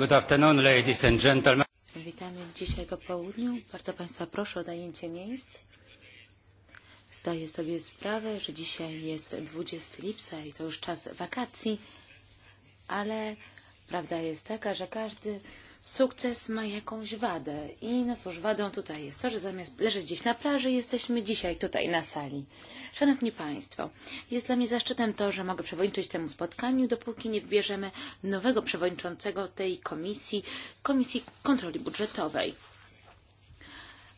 Good afternoon, ladies and gentlemen. Witamy dzisiaj po południu. Bardzo Państwa proszę o zajęcie miejsc. Zdaję sobie sprawę, że dzisiaj jest 20 lipca i to już czas wakacji, ale prawda jest taka, że każdy sukces ma jakąś wadę i na cóż, wadą tutaj jest to, że zamiast leżeć dziś na plaży, jesteśmy dzisiaj tutaj na sali. Szanowni Państwo, jest dla mnie zaszczytem to, że mogę przewodniczyć temu spotkaniu, dopóki nie wybierzemy nowego przewodniczącego tej komisji, Komisji Kontroli Budżetowej.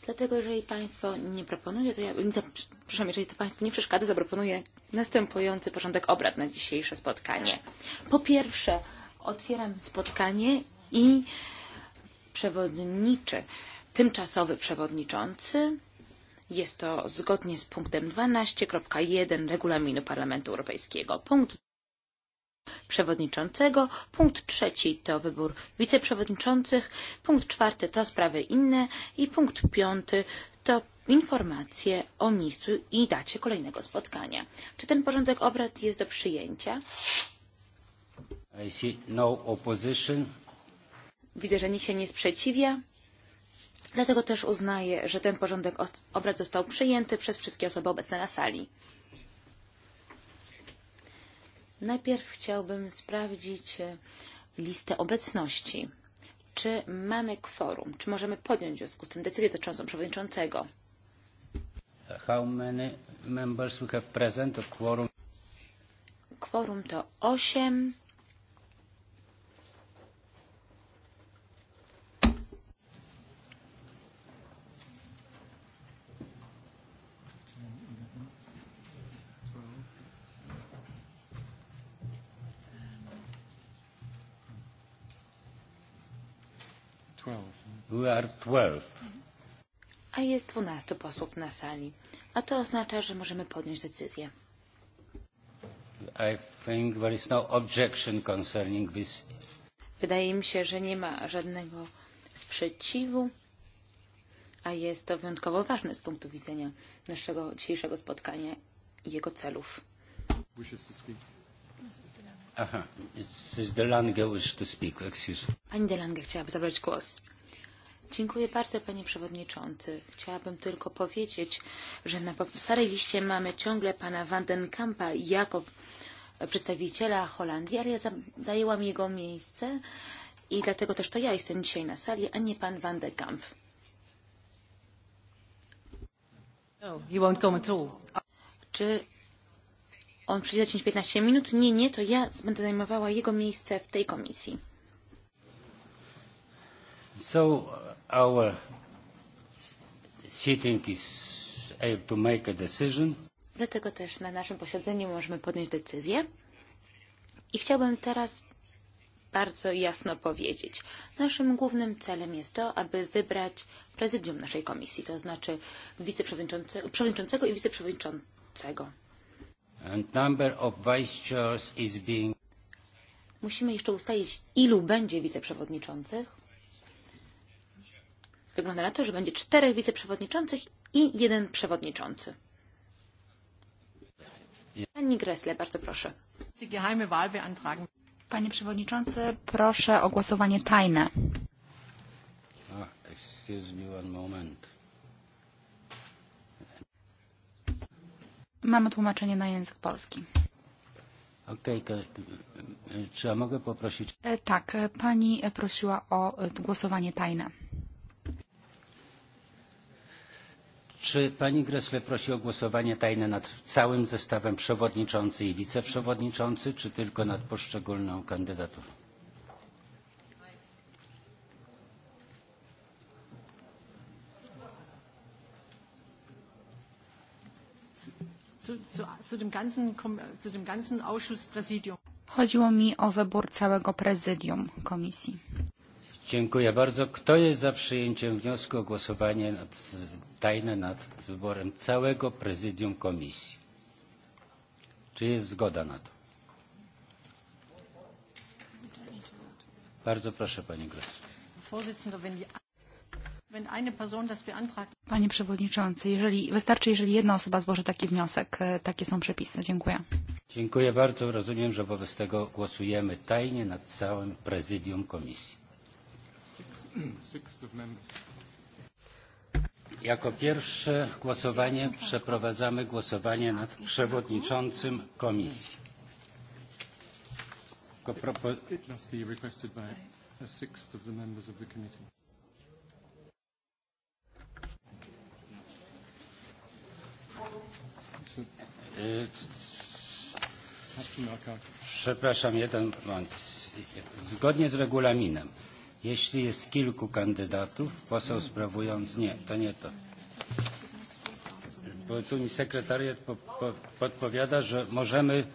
Dlatego, jeżeli Państwo nie proponują, to ja bym, przepraszam, jeżeli to Państwu nie przeszkadza, zaproponuję następujący porządek obrad na dzisiejsze spotkanie. Po pierwsze, otwieram spotkanie i przewodniczy, tymczasowy przewodniczący. Jest to zgodnie z punktem 12.1 regulaminu Parlamentu Europejskiego. Punkt przewodniczącego, punkt trzeci to wybór wiceprzewodniczących, punkt czwarty to sprawy inne i punkt piąty to informacje o miejscu i dacie kolejnego spotkania. Czy ten porządek obrad jest do przyjęcia? I see no opposition. Widzę, że nikt się nie sprzeciwia. Dlatego też uznaję, że ten porządek obrad został przyjęty przez wszystkie osoby obecne na sali. Najpierw chciałbym sprawdzić e, listę obecności. Czy mamy kworum? Czy możemy podjąć w związku z tym decyzję dotyczącą przewodniczącego? How many members we have present? Quorum. Kworum to 8 who are 12. A jest 12 posłów na sali. A to oznacza, że możemy podnieść decyzję. I think there is no objection concerning this. Wydaje mi się, że nie ma żadnego sprzeciwu, a jest to wyjątkowo ważne z punktu widzenia naszego dzisiejszego spotkania i jego celów. Wishes to speak. Aha, Mrs. DeLange wish to speak, excuse me. Pani DeLange chciałaby zabrać głos. Dziękuję bardzo, panie przewodniczący. Chciałabym tylko powiedzieć, że na starej liście mamy ciągle pana Vandenkampa jako przedstawiciela Holandii, ale ja zajęłam jego miejsce i dlatego też to ja jestem dzisiaj na sali, a nie pan Van de Kamp. No, he won't come at all. Czy on przyjdzie 10-15 minut? Nie, nie, to ja będę zajmowała jego miejsce w tej komisji. So uh, our sitting is able to make a decision. Dlatego też na naszym posiedzeniu możemy podjąć decyzję. I chciałbym teraz bardzo jasno powiedzieć. Naszym głównym celem jest to, aby wybrać prezydium naszej komisji, to znaczy wiceprzewodniczącego i wiceprzewodniczącego. And number of vice chairs is being... Musimy jeszcze ustalić, ilu będzie wiceprzewodniczących. Wygląda na to, że będzie czterech wiceprzewodniczących i jeden przewodniczący. Pani Gressle, bardzo proszę. Panie przewodniczący, proszę o głosowanie tajne. Ah, excuse me one moment. Mamy tłumaczenie na język polski. Okej, okay, czy ja mogę poprosić? E, tak, e, pani prosiła o e, głosowanie tajne. Czy pani Gresle prosi o głosowanie tajne nad całym zestawem przewodniczący i wiceprzewodniczący, czy tylko nad poszczególną kandydaturą? Zu, zu, zu dem ganzen, zu dem ganzen Ausschusspräsidium. Chodziło mi o wybór całego prezydium komisji. Dziękuję bardzo. Kto jest za przyjęciem wniosku o głosowanie nad tajne nad wyborem całego prezydium komisji. Czy jest zgoda na to? Bardzo proszę, Pani Gross. Panie Przewodniczący, jeżeli, wystarczy, jeżeli jedna osoba złoży taki wniosek. E, takie są przepisy. Dziękuję. Dziękuję bardzo. Rozumiem, że wobec tego głosujemy tajnie nad całym prezydium komisji. Six, six Jako pierwsze głosowanie przeprowadzamy głosowanie nad przewodniczącym komisji. It must be requested by a sixth of the members of the committee. Przepraszam, jeden moment. Zgodnie z regulaminem Jeśli jest kilku kandydatów, poseł sprawujący... Nie, to nie to. Bo tu mi sekretariat po, po, podpowiada, że możemy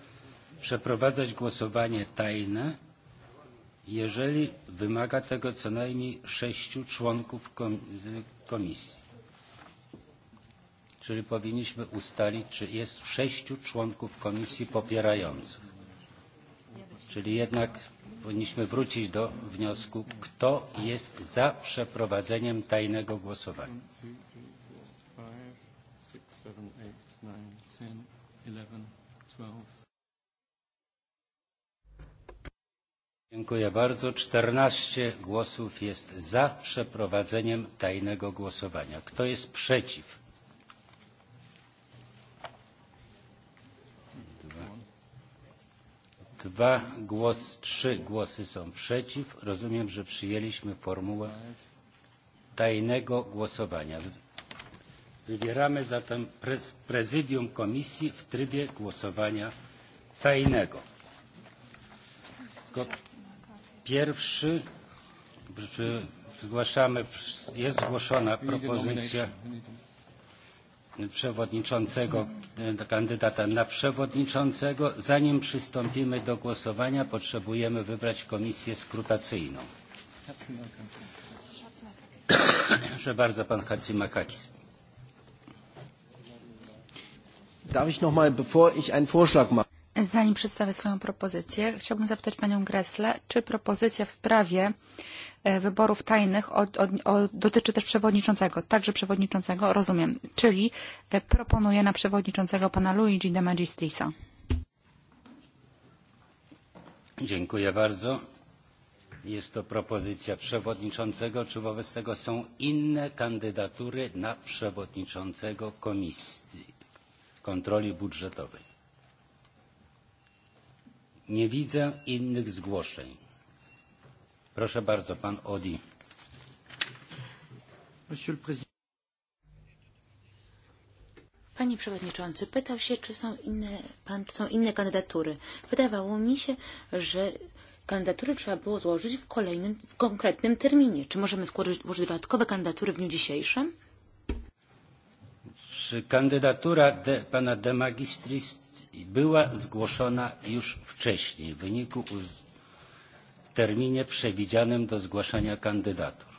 przeprowadzać głosowanie tajne, jeżeli wymaga tego co najmniej sześciu członków komisji. Czyli powinniśmy ustalić, czy jest sześciu członków komisji popierających. Czyli jednak powinniśmy wrócić do wniosku, kto jest za przeprowadzeniem tajnego głosowania. 1, 2, 3, 4, 5, 6, 7, 8, 9, 10, 11, 12. Dziękuję bardzo. 14 głosów jest za przeprowadzeniem tajnego głosowania. Kto jest przeciw? Dwa, głos, trzy głosy są przeciw. Rozumiem, że przyjęliśmy formułę tajnego głosowania. Wybieramy zatem prezydium komisji w trybie głosowania tajnego. Go pierwszy zgłaszamy, jest zgłoszona propozycja przewodniczącego, e, kandydata na przewodniczącego. Zanim przystąpimy do głosowania, potrzebujemy wybrać komisję skrutacyjną. Proszę bardzo, pan Hatzimakakis. Darf ich noch mal, bevor ich einen Vorschlag mache? Zanim przedstawię swoją propozycję, chciałbym zapytać panią Gressle, czy propozycja w sprawie yy, E, wyborów tajnych od, od, o, dotyczy też przewodniczącego, także przewodniczącego, rozumiem, czyli e, proponuję na przewodniczącego pana Luigi de Magistrisa. Dziękuję bardzo. Jest to propozycja przewodniczącego. Czy wobec tego są inne kandydatury na przewodniczącego Komisji Kontroli Budżetowej? Nie widzę innych zgłoszeń Proszę bardzo, pan Odi. Panie Przewodniczący, pytał się, czy są inne, pan, czy są inne kandydatury. Wydawało mi się, że kandydatury trzeba było złożyć w kolejnym, w konkretnym terminie. Czy możemy złożyć, złożyć dodatkowe kandydatury w dniu dzisiejszym? Czy kandydatura de, pana de Magistris była zgłoszona już wcześniej w wyniku uz terminie przewidzianym do zgłaszania kandydatur.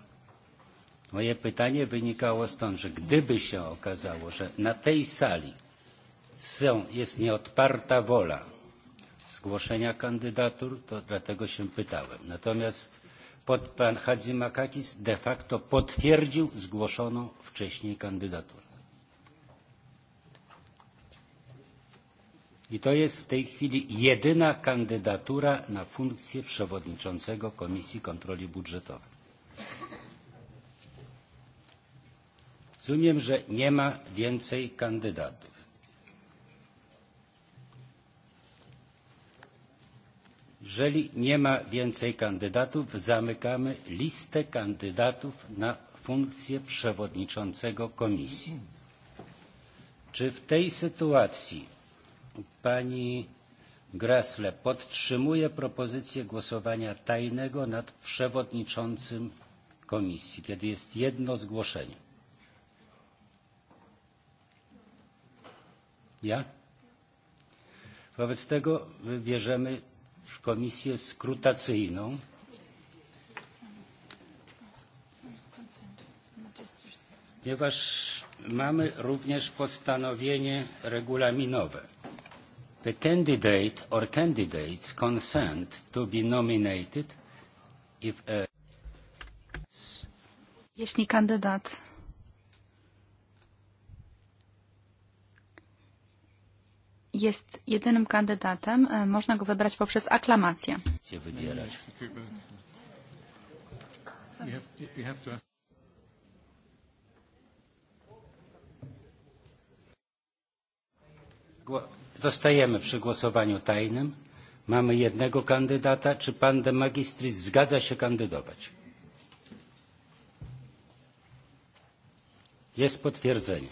Moje pytanie wynikało stąd, że gdyby się okazało, że na tej sali są, jest nieodparta wola zgłoszenia kandydatur, to dlatego się pytałem. Natomiast pod, pan Hadzi Makakis de facto potwierdził zgłoszoną wcześniej kandydaturę. I to jest w tej chwili jedyna kandydatura na funkcję przewodniczącego Komisji Kontroli Budżetowej. Rozumiem, że nie ma więcej kandydatów. Jeżeli nie ma więcej kandydatów, zamykamy listę kandydatów na funkcję przewodniczącego komisji. Czy w tej sytuacji Pani Gressle podtrzymuje propozycję głosowania tajnego nad przewodniczącym komisji, kiedy jest jedno zgłoszenie. Ja? Wobec tego wybierzemy komisję skrutacyjną. Ponieważ mamy również postanowienie regulaminowe the candidate or candidates consent to be nominated if a jeśli kandydat jest jedynym kandydatem, e, można go wybrać poprzez aklamację. Wybierać. You have, you have to ask. Głos. Zostajemy przy głosowaniu tajnym. Mamy jednego kandydata. Czy pan de magistris zgadza się kandydować? Jest potwierdzenie.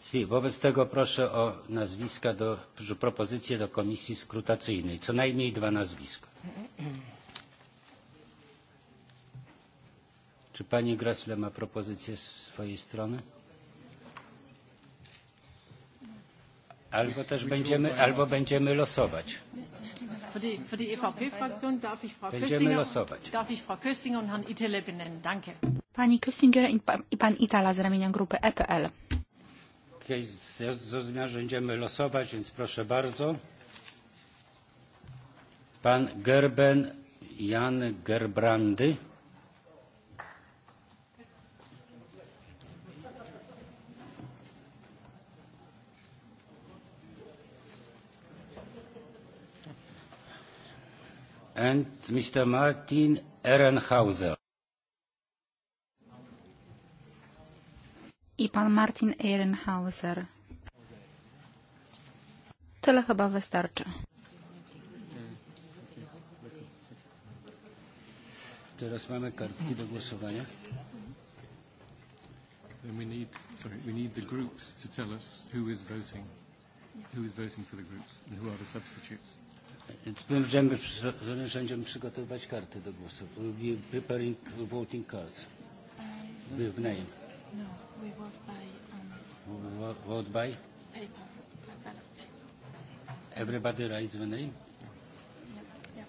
Si, wobec tego proszę o nazwiska, do, propozycje do komisji skrutacyjnej. Co najmniej dwa nazwiska. Czy pani Gressle ma propozycję z swojej strony? Albo też będziemy, albo będziemy losować. Für die, für die EVP-Fraktion darf ich Frau Köstinger, losować. darf ich Frau Köstinger und Herrn Itele benennen. Danke. Pani Köstinger i, pa, i pan Itala z ramienia grupy EPL. Zrozumiałem, że będziemy losować, więc proszę bardzo. Pan Gerben Jan Gerbrandy. and Mr. Martin Ehrenhauser. I pan Martin Ehrenhauser. Tyle chyba wystarczy. Teraz mamy kartki do głosowania. Then we need, sorry, we need the groups to tell us who is voting, who is voting for the groups and who are the substitutes. Będziemy, będziemy przygotowywać karty do głosu. We'll be preparing voting cards. Um, with name. No, we vote by... Um, vote, vote by? Paper. paper. Everybody writes the name? Yeah, yeah.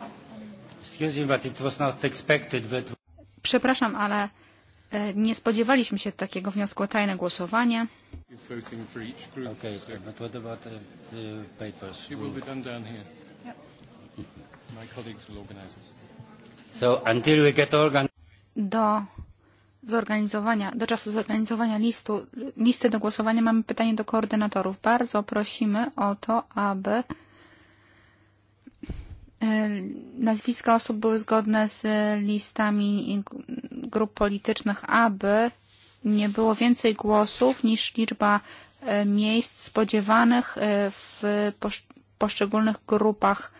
Um, Excuse me, but it was not expected, but... Przepraszam, ale E, nie spodziewaliśmy się takiego wniosku o tajne głosowanie. Okay, okay, but what about the, the papers? It will be done down here. Yep. My colleagues will organize it. So until we get organ do zorganizowania, do czasu zorganizowania listu, listy do głosowania mamy pytanie do koordynatorów. Bardzo prosimy o to, aby E, nazwiska osób były zgodne z listami grup politycznych, aby nie było więcej głosów niż liczba e, miejsc spodziewanych e, w poszczególnych grupach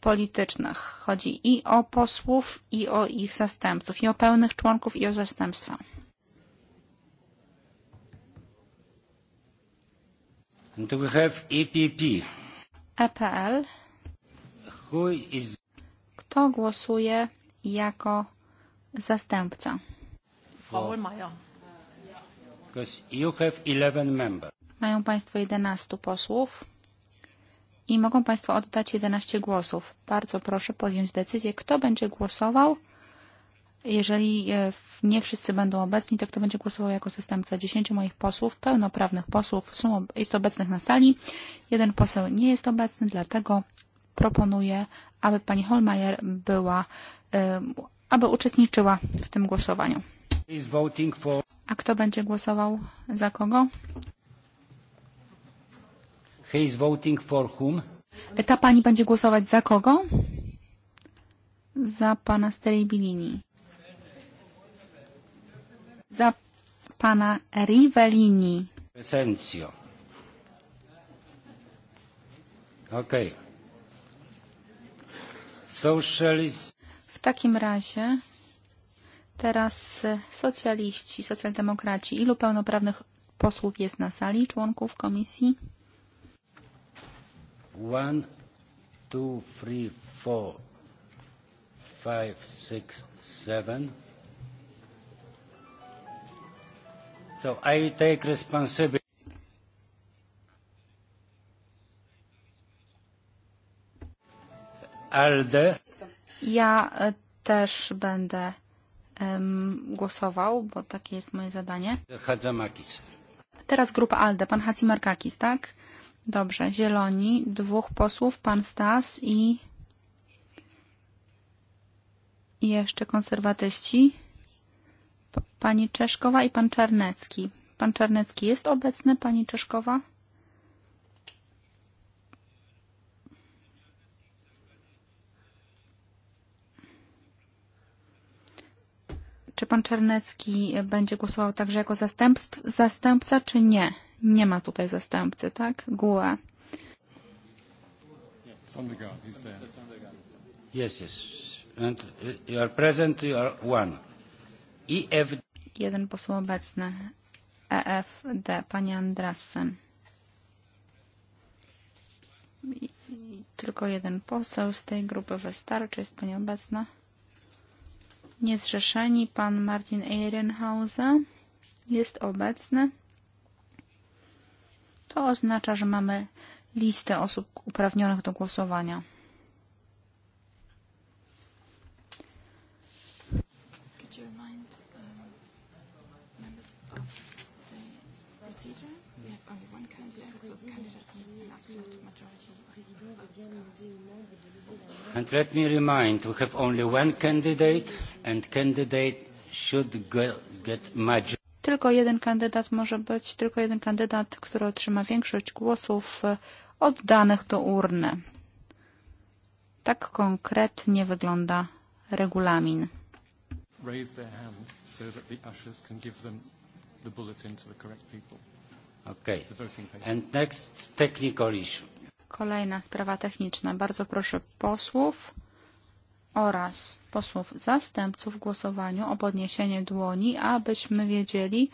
politycznych. Chodzi i o posłów, i o ich zastępców, i o pełnych członków, i o zastępstwa. Do we have EPP? EPL. Kto głosuje jako zastępca? Frau Holmeier. You have 11 members. Mają Państwo 11 posłów i mogą Państwo oddać 11 głosów. Bardzo proszę podjąć decyzję, kto będzie głosował. Jeżeli e, nie wszyscy będą obecni, to kto będzie głosował jako zastępca 10 moich posłów, pełnoprawnych posłów, są, jest obecnych na sali. Jeden poseł nie jest obecny, dlatego proponuję, aby pani Holmeier była, aby uczestniczyła w tym głosowaniu. A kto będzie głosował za kogo? He is voting for whom? Ta pani będzie głosować za kogo? Za pana Steribilini. Za pana Rivellini. Presencjo. Okej. Okay. Socialist. W takim razie teraz socjaliści, socjaldemokraci. Ilu pełnoprawnych posłów jest na sali, członków komisji? One, two, three, four, five, six, seven. So I take responsibility. ALDE. Ja e, też będę um, głosował, bo takie jest moje zadanie. Hadzamakis. Teraz grupa ALDE, pan Hacimarkakis, tak? Dobrze, zieloni, dwóch posłów, pan Stas i i jeszcze konserwatyści. Pani Czeszkowa i pan Czarnecki. Pan Czarnecki jest obecny, pani Czeszkowa? Czy pan Czarnecki będzie głosował także jako zastępstw, zastępca, czy nie? Nie ma tutaj zastępcy, tak? GUE. Yes, yes. And you are present, you are one. EF... Jeden poseł obecny. EFD, pani Andrassen. I, i tylko jeden poseł z tej grupy wystarczy, jest pani obecna. Niezrzeszeni pan Martin Ehrenhauser jest obecny. To oznacza, że mamy listę osób uprawnionych do głosowania. Um, procedure. We have only one candidate, so the candidate needs an absolute majority And let me remind, we have only one candidate and candidate should go, get majority. Tylko jeden kandydat może być, tylko jeden kandydat, który otrzyma większość głosów e, oddanych do urny. Tak konkretnie wygląda regulamin. Raise their hand so that the ushers can give them the bulletin to the correct people. Okay. The voting paper. And next technical issue. Kolejna sprawa techniczna. Bardzo proszę posłów oraz posłów zastępców w głosowaniu o podniesienie dłoni, abyśmy wiedzieli,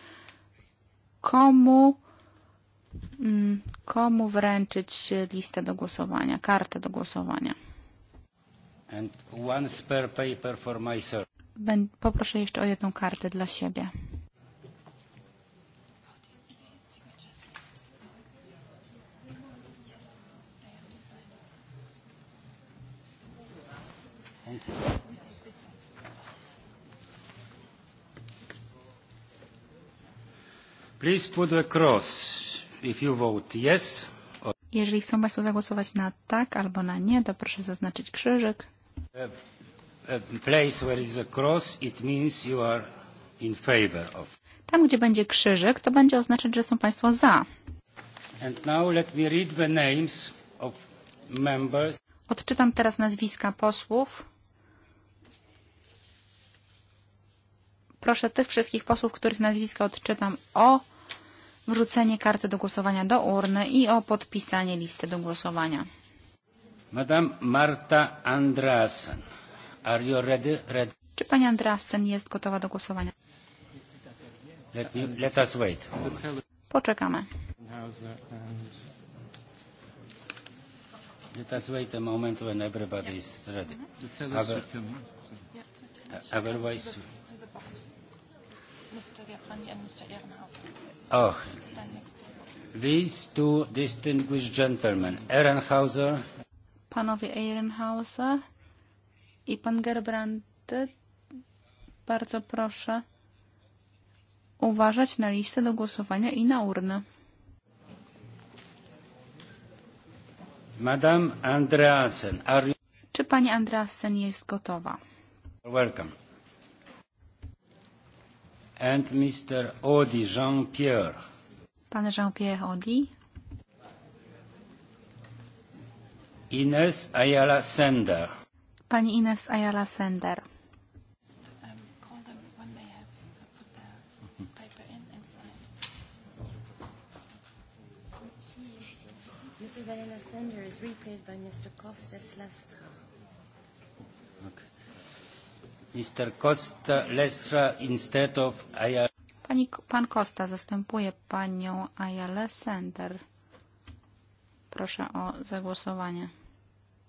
komu, mm, komu wręczyć listę do głosowania, kartę do głosowania. Poproszę jeszcze o jedną kartę dla siebie. Please put the cross if you vote yes. Or... Jeżeli chcą Państwo zagłosować na tak albo na nie, to proszę zaznaczyć krzyżyk. A, a place where is a cross, it means you are in favor of. Tam, gdzie będzie krzyżyk, to będzie oznaczać, że są Państwo za. And now let me read the names of members. Odczytam teraz nazwiska posłów, proszę tych wszystkich posłów, których nazwiska odczytam, o wrzucenie karty do głosowania do urny i o podpisanie listy do głosowania. Madame Marta Andreasen, are you ready? ready? Czy pani Andreasen jest gotowa do głosowania? Let, me, let us wait. Poczekamy. Let us wait a moment when everybody is ready. Otherwise... Mr. Gabrandi and Mr. Ehrenhaus. Oh. These two distinguished gentlemen, Ehrenhauser. Panowie Ehrenhauser i pan Gerbrandy, bardzo proszę uważać na listę do głosowania i na urny. Madame Andreasen, are you... Czy pani Andreasen jest gotowa? Welcome and Mr. Audi Jean-Pierre. Pan Jean-Pierre Audi. Ines Ayala Sender. Pani Ines Ayala Sender. Mrs. Ayala Sender is replaced by Mr. Costas Lastra. Mr. Costa Lesra instead of Ayala. Pani, pan Costa zastępuje panią Ayala Sender. Proszę o zagłosowanie.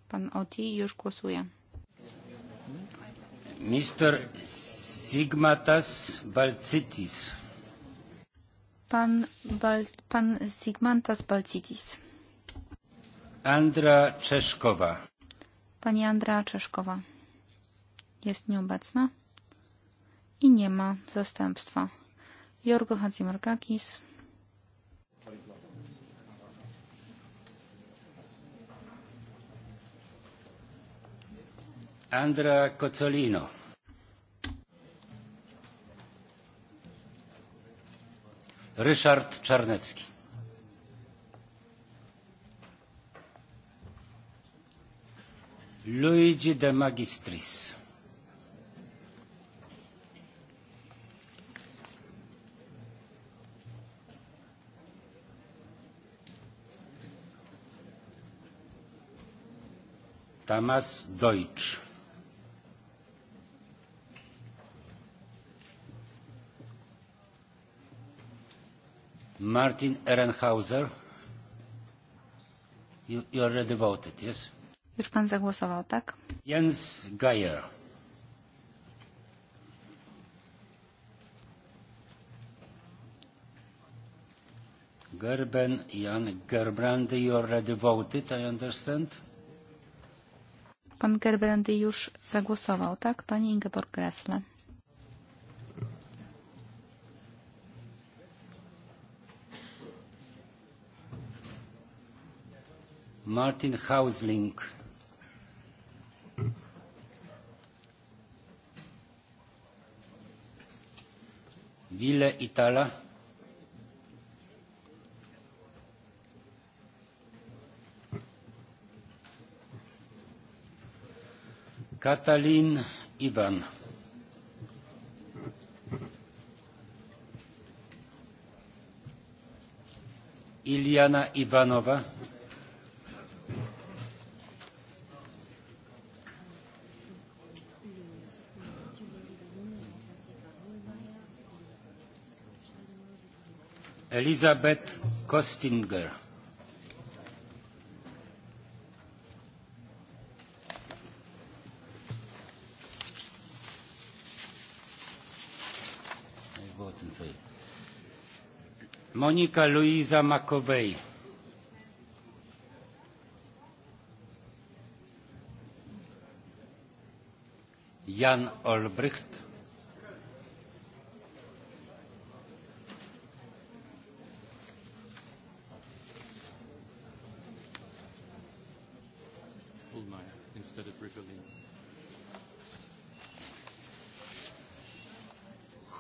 Pan Oti już głosuje. Mr. Sigmatas Balcitis. Pan, Bal, pan Sigmantas Balcitis. Andra Czeszkowa. Pani Andra Czeszkowa jest nieobecna i nie ma zastępstwa. Jorgo Hadzimarkakis. Andra Cozzolino. Ryszard Czarnecki. Luigi de Magistris. Tamas Deutsch. Martin Ehrenhauser. You, you already voted, yes? Już pan zagłosował, tak? Jens Geier. Gerben Jan Gerbrandy, you already voted, I understand? Pan Gerbrandy już zagłosował, tak? Pani Ingeborg Gressle. Martin Hausling. Wille Itala. Katalin Ivan. Iliana Ivanova. Elizabeth Kostinger. Monika Luisa Makowej. Jan Olbrycht. instead of Rivellini.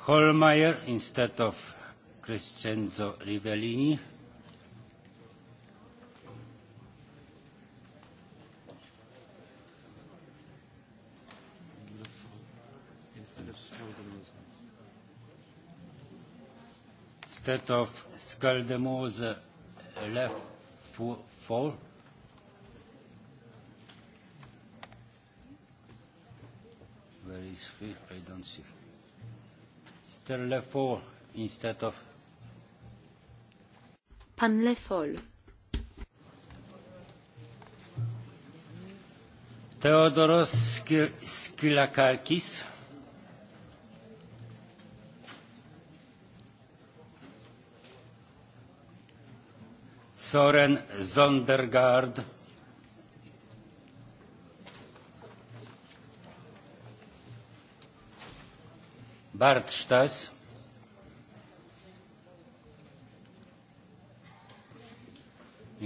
Holmeyer instead of Crescenzo Rivellini. Instead of Skaldemose left four. Where is he? I don't see. Sterle four instead of Pan Lefol. Teodoros Skylakakis. Soren Zondergaard. Bart Stas.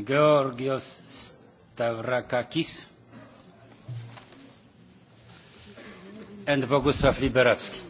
Georgios Stavrakakis and Bogusław Liberacki.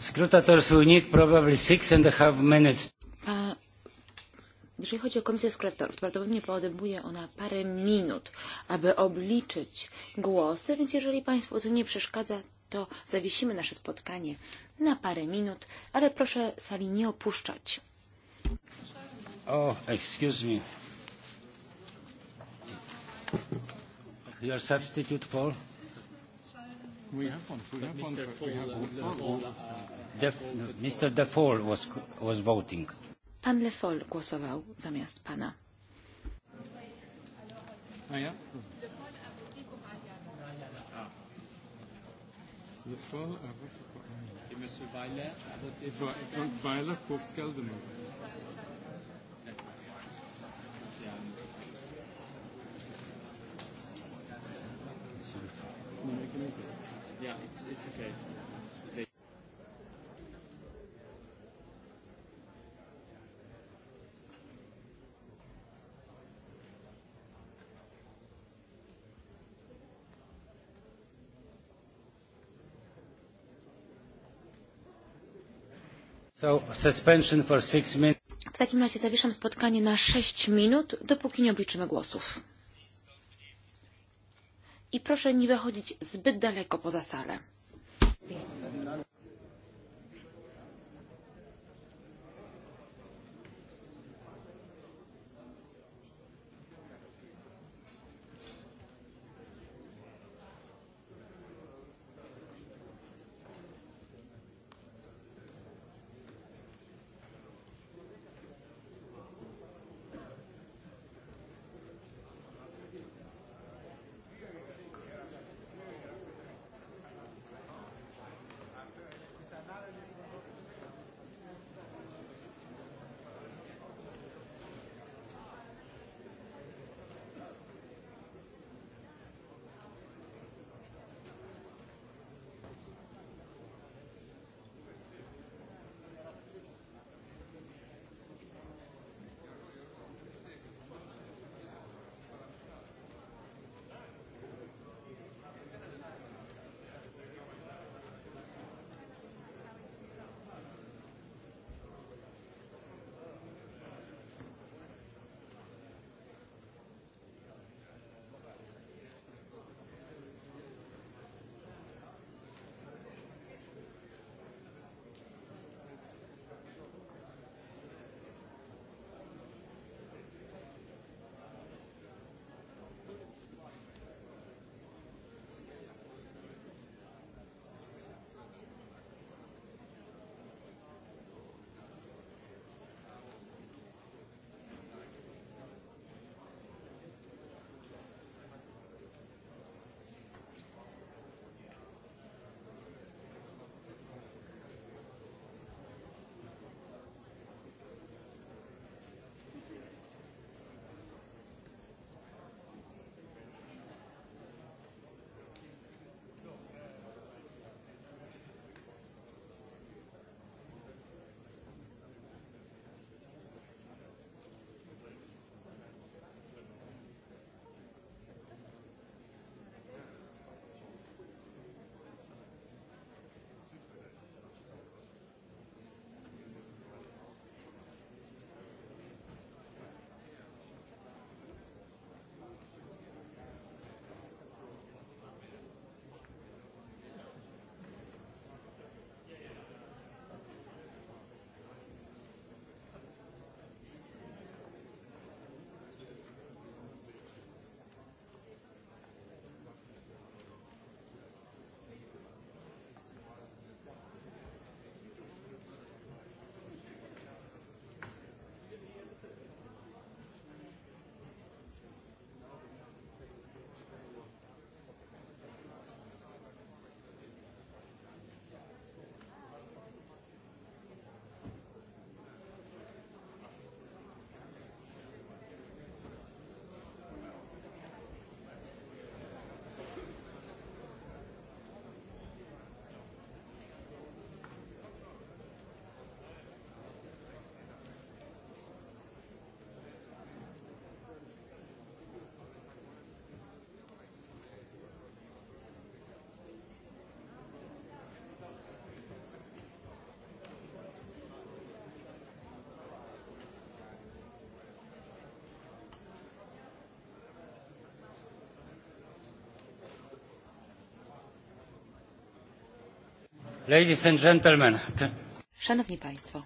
Scrutators, we need probably six and a half minutes. Pa, jeżeli chodzi o komisję skrutatów, prawdopodobnie podejmuje ona parę minut, aby obliczyć głosy, więc jeżeli Państwu to nie przeszkadza, to zawiesimy nasze spotkanie na parę minut, ale proszę sali nie opuszczać. Oh, excuse me. Your substitute, Paul? We have one. We have one. We have one. Uh, Def, Mr. Defoe was, was voting. Pan Lefol głosował zamiast pana. A ja? Lefol a voté pour... Et M. Weiler a voté pour... Donc Weiler pour Skaldemus. Yeah, it's, it's okay. So, suspension for six minutes. W takim razie zawieszam spotkanie na 6 minut, dopóki nie obliczymy głosów i proszę nie wychodzić zbyt daleko poza salę. Ladies and gentlemen. Szanowni Państwo.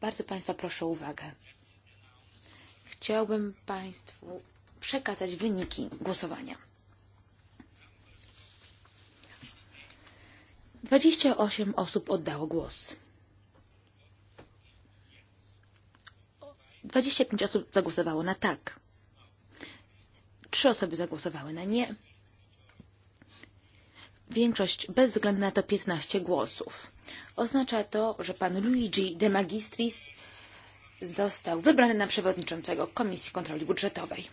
Bardzo Państwa proszę o uwagę. Chciałbym Państwu przekazać wyniki głosowania. 28 osób oddało głos. 25 osób zagłosowało na tak. 3 osoby zagłosowały na nie większość bezwzględna to 15 głosów. Oznacza to, że pan Luigi de Magistris został wybrany na przewodniczącego Komisji Kontroli Budżetowej.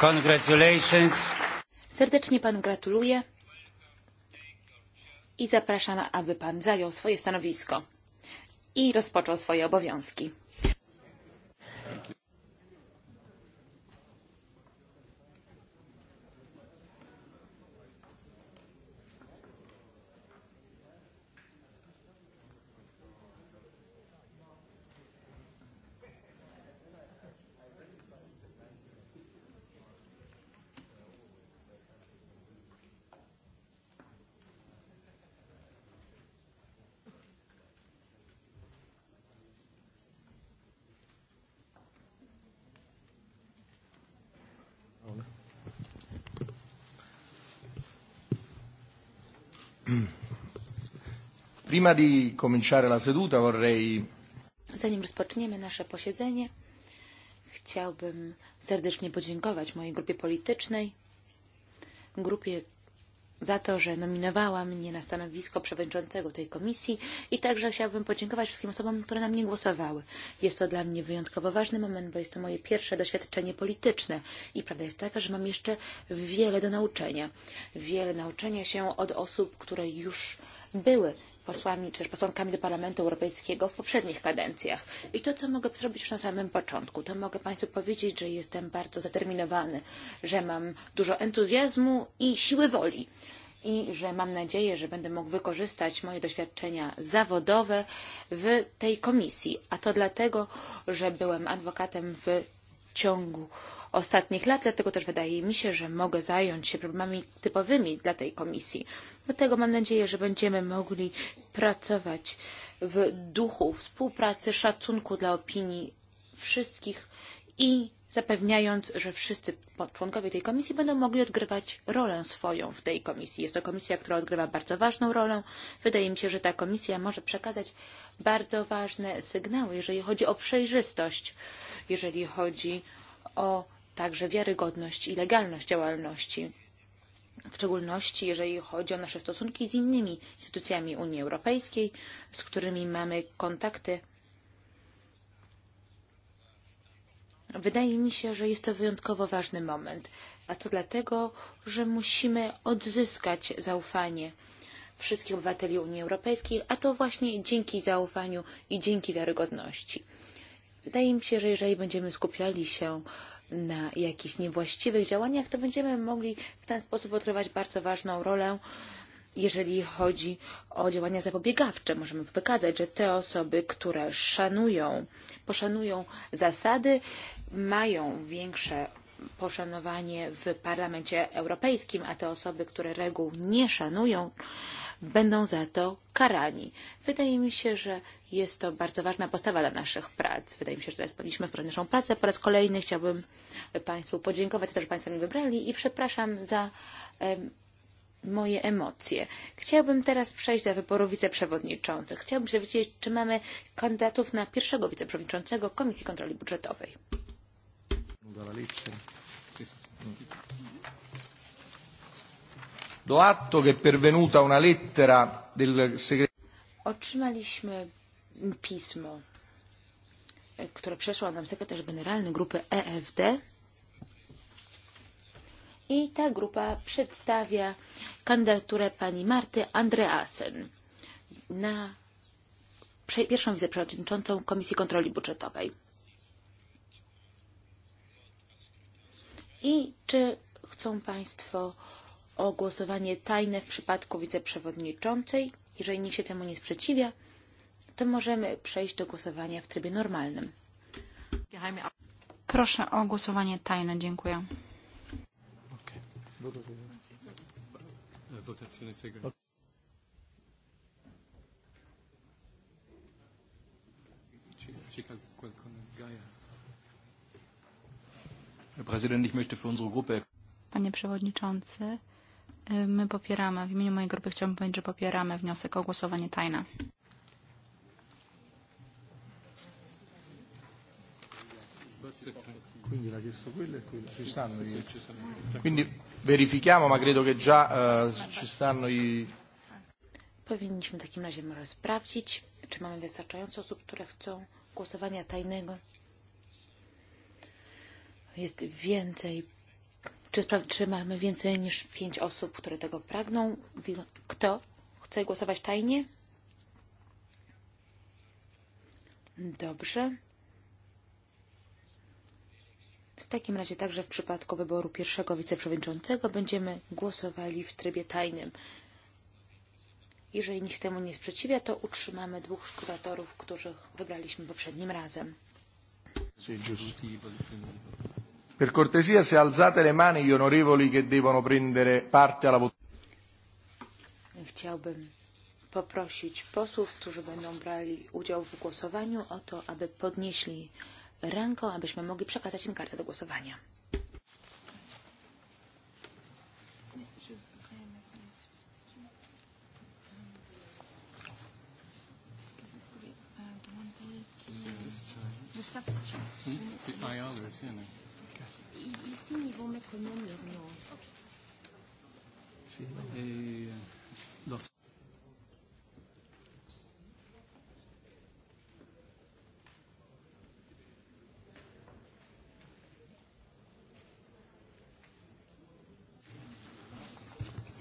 Congratulations. Serdecznie panu gratuluję i zapraszam, aby pan zajął swoje stanowisko i rozpoczął swoje obowiązki. Prima di cominciare la seduta vorrei... Zanim rozpoczniemy nasze posiedzenie, chciałbym serdecznie podziękować mojej grupie politycznej, grupie za to, że nominowała mnie na stanowisko przewodniczącego tej komisji i także chciałabym podziękować wszystkim osobom, które na mnie głosowały. Jest to dla mnie wyjątkowo ważny moment, bo jest to moje pierwsze doświadczenie polityczne i prawda jest taka, że mam jeszcze wiele do nauczenia. Wiele nauczenia się od osób, które już były posłami czy posłankami do Parlamentu Europejskiego w poprzednich kadencjach. I to, co mogę zrobić już na samym początku, to mogę Państwu powiedzieć, że jestem bardzo zaterminowany, że mam dużo entuzjazmu i siły woli i że mam nadzieję, że będę mógł wykorzystać moje doświadczenia zawodowe w tej komisji. A to dlatego, że byłem adwokatem w ciągu ostatnich lat, dlatego też wydaje mi się, że mogę zająć się problemami typowymi dla tej komisji. Dlatego mam nadzieję, że będziemy mogli pracować w duchu współpracy, szacunku dla opinii wszystkich i zapewniając, że wszyscy członkowie tej komisji będą mogli odgrywać rolę swoją w tej komisji. Jest to komisja, która odgrywa bardzo ważną rolę. Wydaje mi się, że ta komisja może przekazać bardzo ważne sygnały, jeżeli chodzi o przejrzystość, jeżeli chodzi o także wiarygodność i legalność działalności w szczególności jeżeli chodzi o nasze stosunki z innymi instytucjami Unii Europejskiej, z którymi mamy kontakty Wydaje mi się, że jest to wyjątkowo ważny moment, a to dlatego, że musimy odzyskać zaufanie wszystkich obywateli Unii Europejskiej, a to właśnie dzięki zaufaniu i dzięki wiarygodności. Wydaje mi się, że jeżeli będziemy skupiali się na jakichś niewłaściwych działaniach, to będziemy mogli w ten sposób odgrywać bardzo ważną rolę yy, jeżeli chodzi o działania zapobiegawcze, możemy wykazać, że te osoby, które szanują, poszanują zasady, mają większe poszanowanie w Parlamencie Europejskim, a te osoby, które reguł nie szanują, będą za to karani. Wydaje mi się, że jest to bardzo ważna postawa dla naszych prac. Wydaje mi się, że teraz powinniśmy wprowadzić naszą pracę. Po raz kolejny chciałbym Państwu podziękować za to, że Państwo mnie wybrali i przepraszam za moje emocje. Chciałbym teraz przejść do wyboru wiceprzewodniczących. Chciałbym się dowiedzieć, czy mamy kandydatów na pierwszego wiceprzewodniczącego Komisji Kontroli Budżetowej. Do atto che pervenuta una lettera del Otrzymaliśmy pismo, e, które przesłał nam sekretarz generalny grupy EFD i ta grupa przedstawia kandydaturę pani Marty Andreasen na pierwszą wiceprzewodniczącą Komisji Kontroli Budżetowej. I czy chcą Państwo o głosowanie tajne w przypadku wiceprzewodniczącej? Jeżeli nikt się temu nie sprzeciwia, to możemy przejść do głosowania w trybie normalnym. Proszę o głosowanie tajne. Dziękuję. Votazione segreta. Panie Przewodniczący, my popieramy, w imieniu mojej grupy chciałbym powiedzieć, że popieramy wniosek o głosowanie tajne. Quindi l'ha chiesto quello e quello. Ci stanno sì, i... ci stanno. Quindi verifichiamo, ma credo che già uh, ci stanno i... Powinniśmy w takim razie może sprawdzić, czy mamy wystarczająco osób, które chcą głosowania tajnego. Jest więcej. Czy, czy mamy więcej niż pięć osób, które tego pragną? Kto chce głosować tajnie? Dobrze takim razie także w przypadku wyboru pierwszego wiceprzewodniczącego będziemy głosowali w trybie tajnym. Jeżeli nikt temu nie sprzeciwia, to utrzymamy dwóch skuratorów, których wybraliśmy poprzednim razem. Per cortesia, se alzate le mani gli onorevoli che devono prendere parte alla votazione. Chciałbym poprosić posłów, którzy będą brali udział w głosowaniu o to, aby podnieśli ręką, abyśmy mogli przekazać im kartę do głosowania. The substitutes. Hmm? C'est pas grave, c'est un. Ici, ils vont mettre même leur nom. Okay. Et, euh,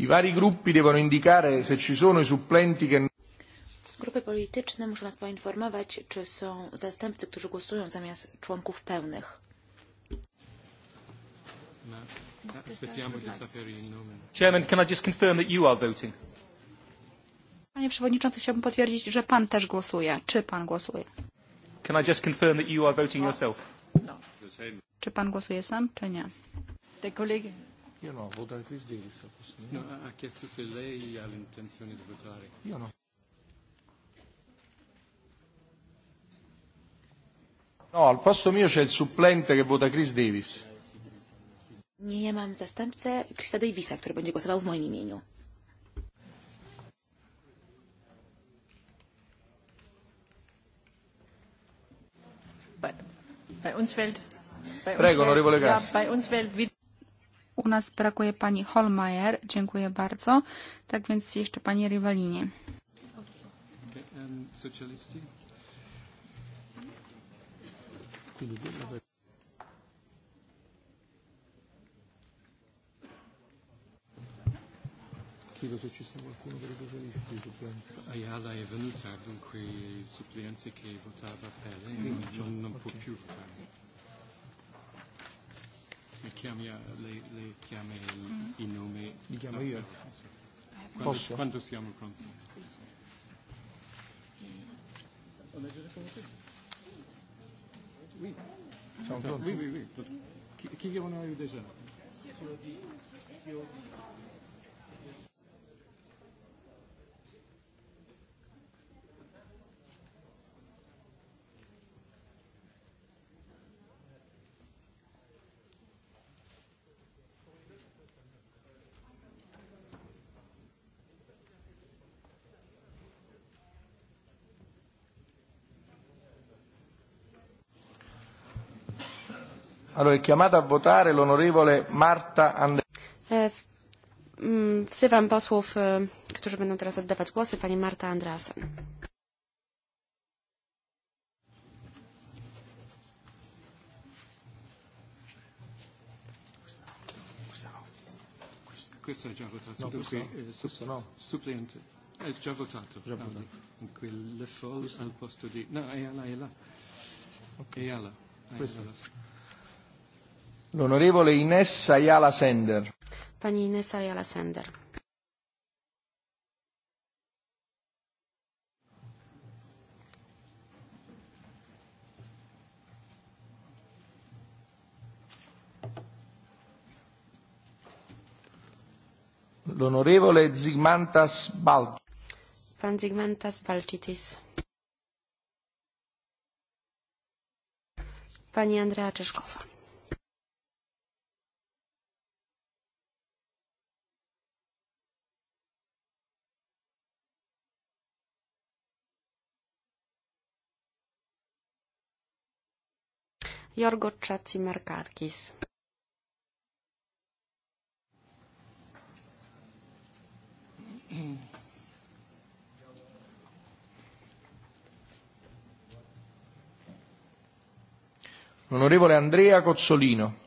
I vari gruppi devono indicare se ci sono i supplenti che... Grupy polityczne muszą nas poinformować, czy są zastępcy, którzy głosują zamiast członków pełnych. Chairman, can I just confirm that you are voting? Panie Przewodniczący, chciałbym potwierdzić, że Pan też głosuje. Czy Pan głosuje? Can I just confirm that you are voting yourself? No. Czy Pan głosuje sam, czy nie? Te kolegi... Io no, voto anche Chris No, ha chiesto se lei ha l'intenzione di votare. Io no. No, al posto mio c'è il supplente che vota Chris Davis. Nie, ja mam zastępcę Chrisa Davisa, który będzie głosował w moim imieniu. Bei uns fällt, bei Prego, uns fällt, ja, bei uns fällt U nas brakuje pani Holmeier. Dziękuję bardzo. Tak więc jeszcze pani Rivalinie. Okay, chiedo se ci sta qualcuno dei socialisti supplente. Ayala è venuta, dunque il supplente che votava per lei mm. non, non okay. può più votare. Chiami, le, eh, le chiami mm. i nomi. Li chiamo no, io? Eh, quando, Posso? Quando siamo pronti? Sì, sì. Oui. Siamo pronti? Oui, oui, oui. Qui, qui on a eu déjà Sur, sur, sur, Allora è chiamata a votare l'onorevole Marta Andrea. E, mm, wzywam posłów, e, którzy będą teraz oddawać głosy. Pani Marta Andreasen. Questo è già votato, no, questo, dunque questo no. Eh, suppliente. È già votato. Già votato. No, ah, quelle folle al posto di... No, è là, è là. Okay. È là. È là. L'onorevole Ines Ayala Sender. Pani Ines Ayala Sender. L'onorevole Zigmantas Balcitis. Pan Zigmantas Balcitis. Pani Andrea Czeszkowa. Jorgo Chatsimarkakis. Onorevole Andrea Cozzolino.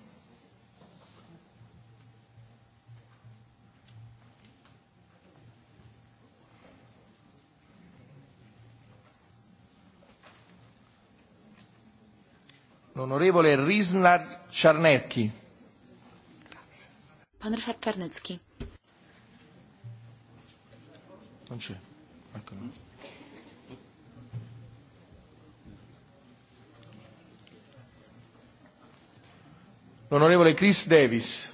l'onorevole Risnar Czarnecki. Pan Ryszard Czarnecki. Non c'è. Ecco. L'onorevole Chris Davis.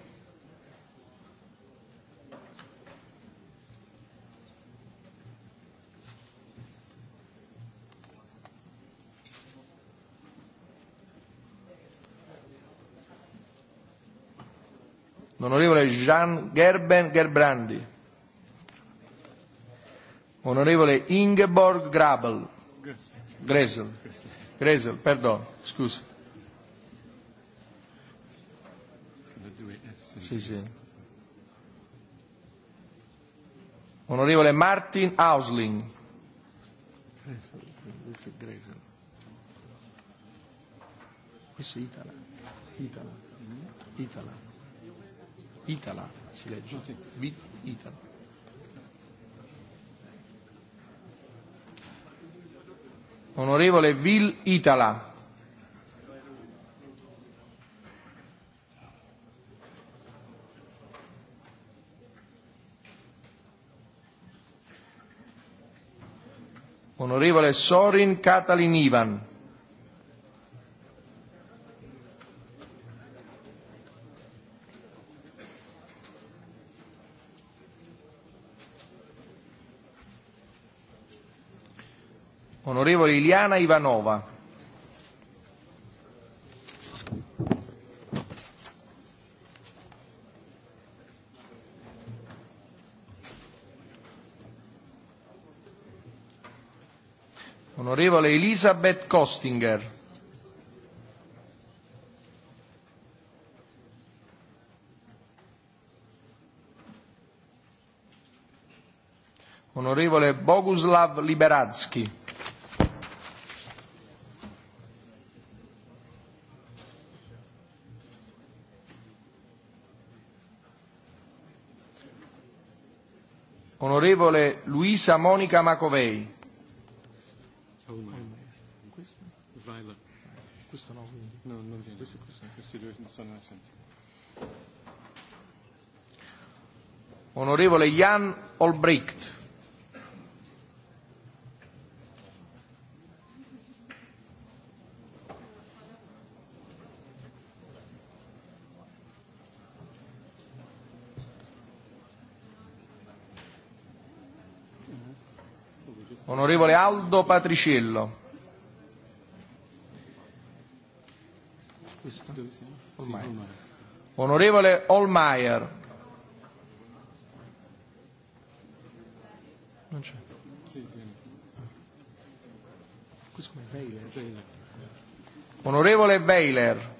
Gian Gerben Gerbrandi. Onorevole Ingeborg Grabel. Gresel. Gresel, perdono, scusa. Sì, sì. Onorevole Martin Ausling. Questo è Itala. Itala. Itala. Itala, si legge. Ah, sì. Bit Itala. Onorevole Vil Itala. Onorevole Sorin Katalin Ivan. Emiliana Ivanova. Onorevole Elisabeth Kostinger. Onorevole Boguslav Liberadski. Onorevole Luisa Monica Macovei. Questo no, quindi. No, non viene. Questo, questo, questi due sono assenti. Onorevole Jan Olbricht. Onorevole Aldo Patriciello. Onorevole Olmaier. Non c'è. Onorevole Weiler.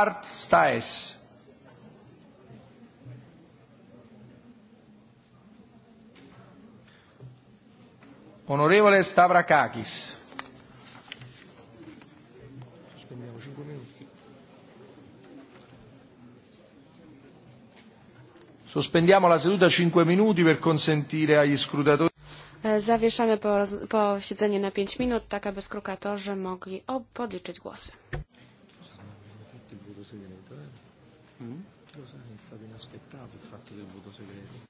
Bart Staes. Onorevole Stavrakakis. Sospendiamo la seduta 5 minuti per consentire agli scrutatori. E, zawieszamy posiedzenie na 5 minut, tak aby skrutatorzy mogli podliczyć głosy. stato inaspettato il fatto del voto segreto.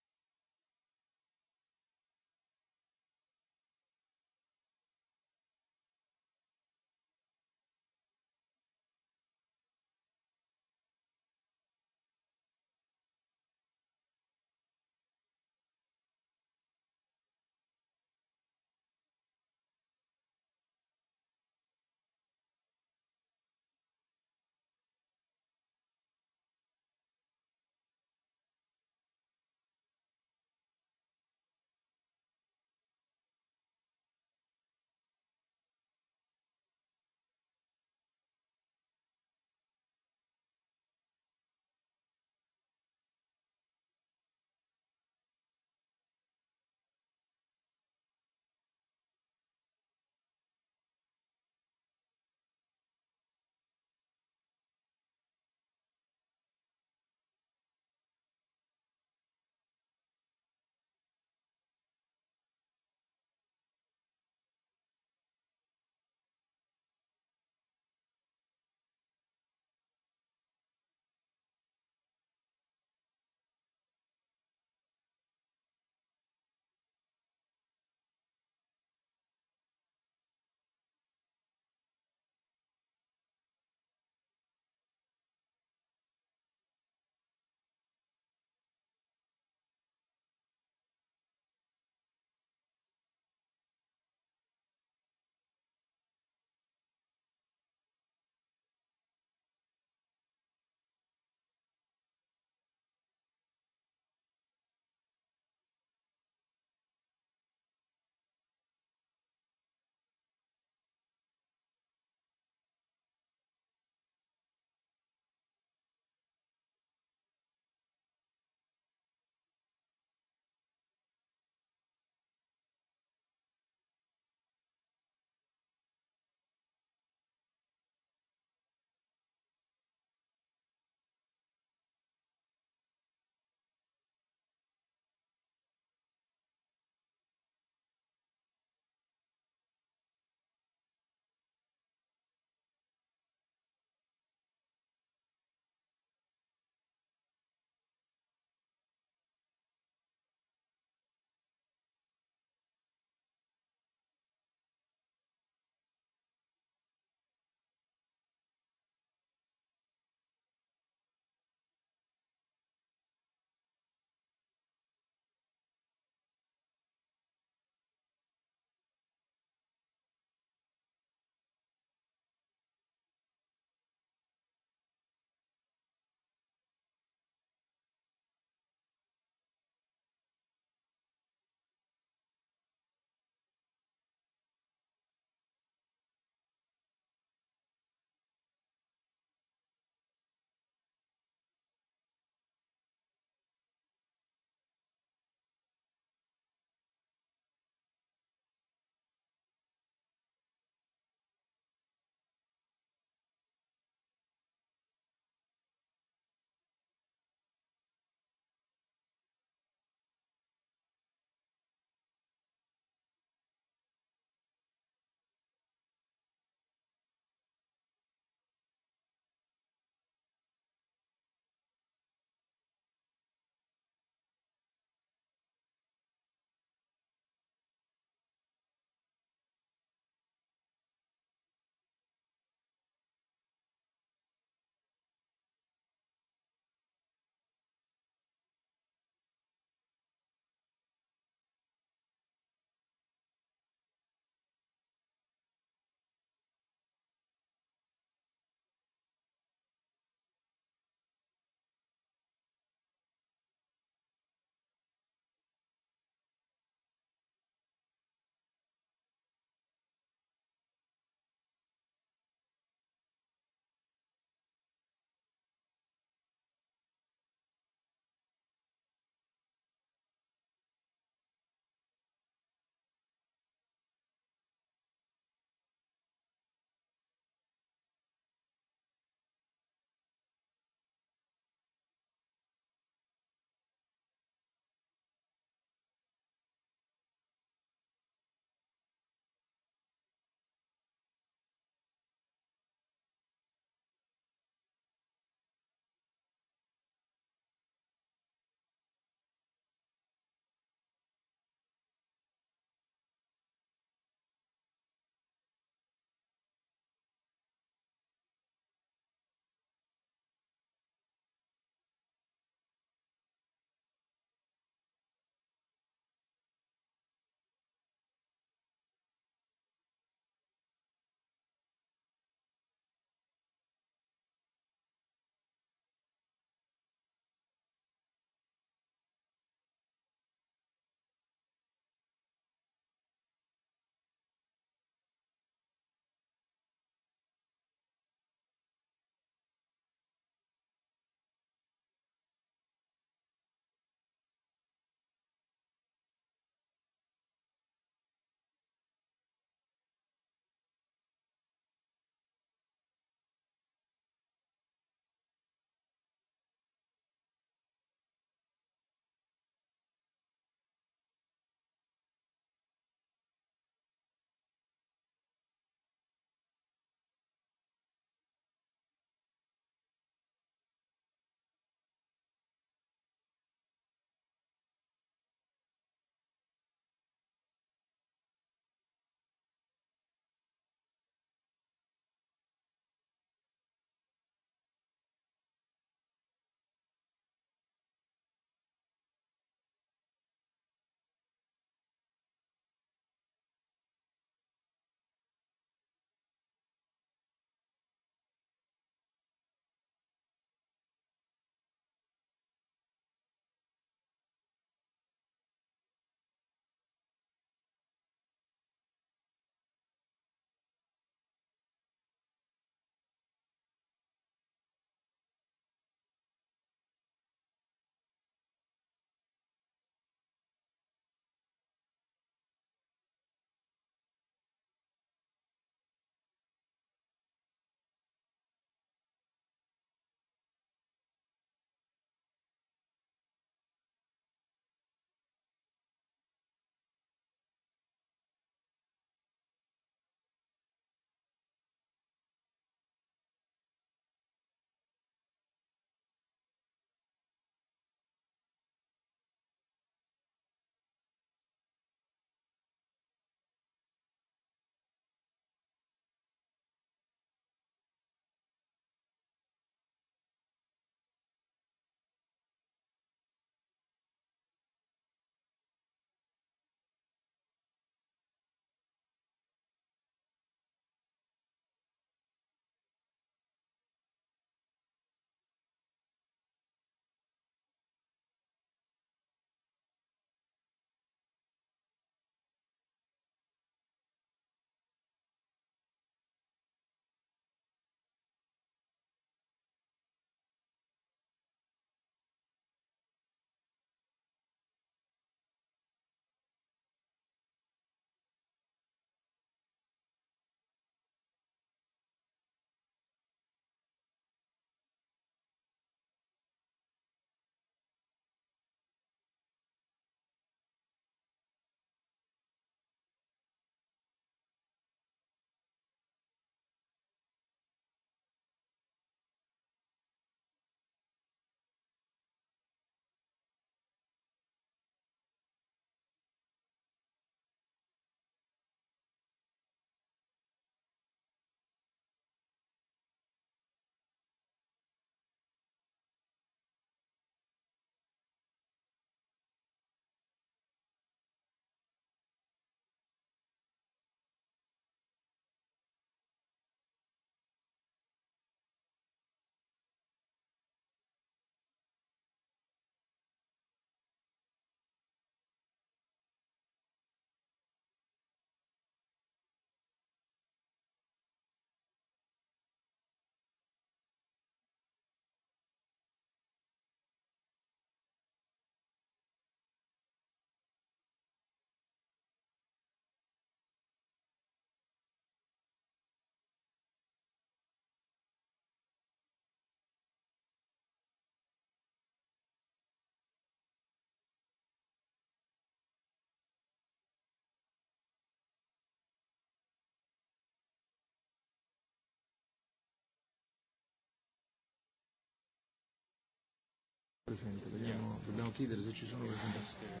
presente. Vediamo, dobbiamo chiedere se ci sono presentazioni.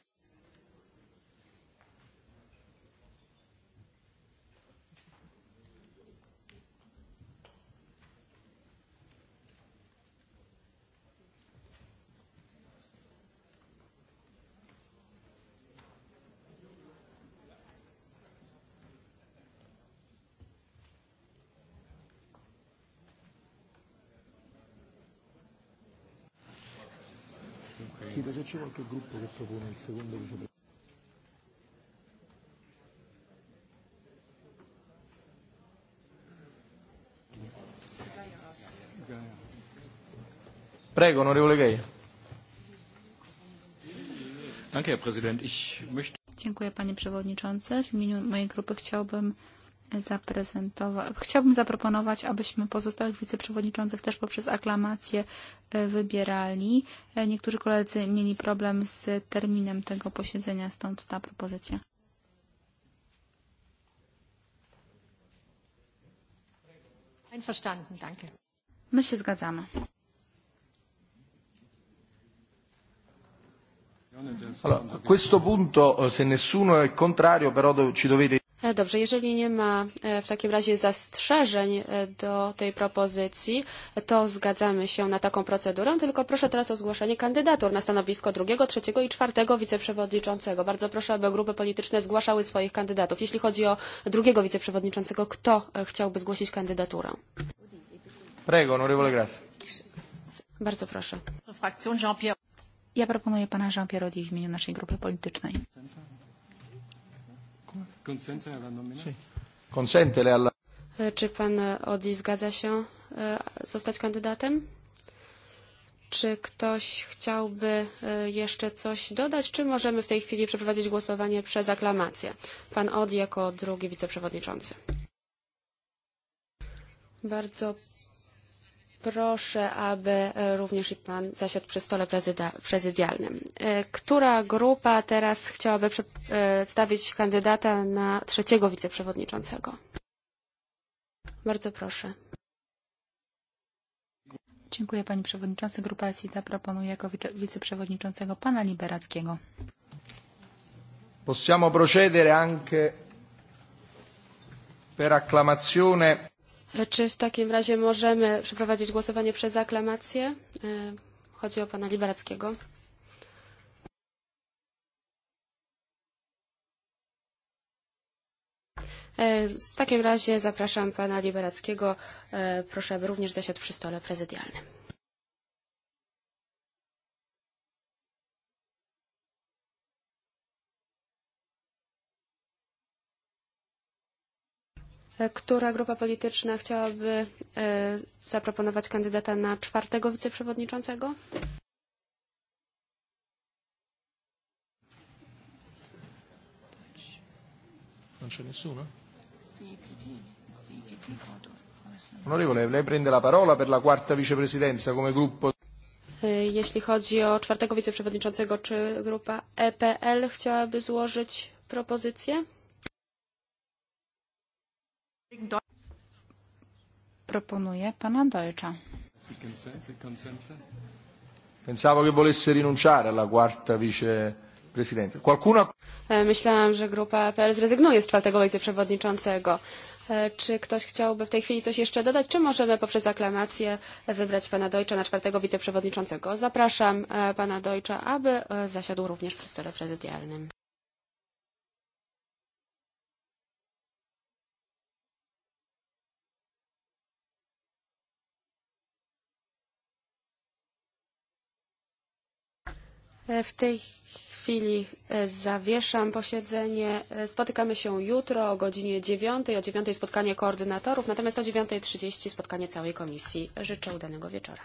Chiedo se c'è qualche gruppo che propone il secondo vicepresidente. Prego, onorevole Geja. Danke, Herr Präsident. Ich möchte... Dziękuję, panie przewodniczący. W imieniu mojej grupy chciałbym zaprezentować. Chciałbym zaproponować, abyśmy pozostałych wiceprzewodniczących też poprzez aklamację e, wybierali. E, niektórzy koledzy mieli problem z terminem tego posiedzenia, stąd ta propozycja. Einverstanden, danke. My się zgadzamy. Allora, a questo punto, eh, se nessuno è contrario, però ci dovete Dobrze, jeżeli nie ma e, w takim razie zastrzeżeń e, do tej propozycji, to zgadzamy się na taką procedurę, tylko proszę teraz o zgłoszenie kandydatur na stanowisko drugiego, trzeciego i czwartego wiceprzewodniczącego. Bardzo proszę, aby grupy polityczne zgłaszały swoich kandydatów. Jeśli chodzi o drugiego wiceprzewodniczącego, kto e, chciałby zgłosić kandydaturę? Prego, onorevole Gras. Bardzo proszę. Ja proponuję pana Jean-Pierre w imieniu naszej grupy politycznej. Centrum. Consente alla nomina? Sì. Consentele alla... E, czy pan e, Odzi zgadza się e, zostać kandydatem? Czy ktoś chciałby jeszcze coś dodać, czy możemy w tej chwili przeprowadzić głosowanie przez aklamację? Pan Od jako drugi wiceprzewodniczący. Bardzo Proszę, aby e, również i pan zasiadł przy stole prezydialnym. E, która grupa teraz chciałaby przedstawić e, kandydata na trzeciego wiceprzewodniczącego? Bardzo proszę. Dziękuję Pani Przewodniczący. Grupa SIDA proponuje jako wiceprzewodniczącego Pana Liberackiego. Possiamo procedere anche per acclamazione. Czy w takim razie możemy przeprowadzić głosowanie przez aklamację? E, chodzi o pana Liberackiego. E, w takim razie zapraszam pana Liberackiego. E, proszę, aby również zasiadł przy stole prezydialnym. która grupa polityczna chciałaby e, zaproponować kandydata na czwartego wiceprzewodniczącego? Non c'è nessuno? Onorevole, lei prende la parola per la quarta vicepresidenza come gruppo. E, jeśli chodzi o czwartego wiceprzewodniczącego, czy grupa EPL chciałaby złożyć propozycję? Proponuje pana Deutscha. Pensavo che volesse rinunciare alla quarta vicepresidenza. Qualcuno... E, myślałam, że grupa EPL zrezygnuje z czwartego wiceprzewodniczącego. E, czy ktoś chciałby w tej chwili coś jeszcze dodać, czy możemy poprzez aklamację wybrać pana Dojcza na czwartego wiceprzewodniczącego? Zapraszam e, pana Dojcza, aby zasiadł również przy stole prezydialnym. W tej chwili e, zawieszam posiedzenie. E, spotykamy się jutro o godzinie 9. O 9 spotkanie koordynatorów, natomiast o 9.30 spotkanie całej komisji. Życzę udanego wieczora.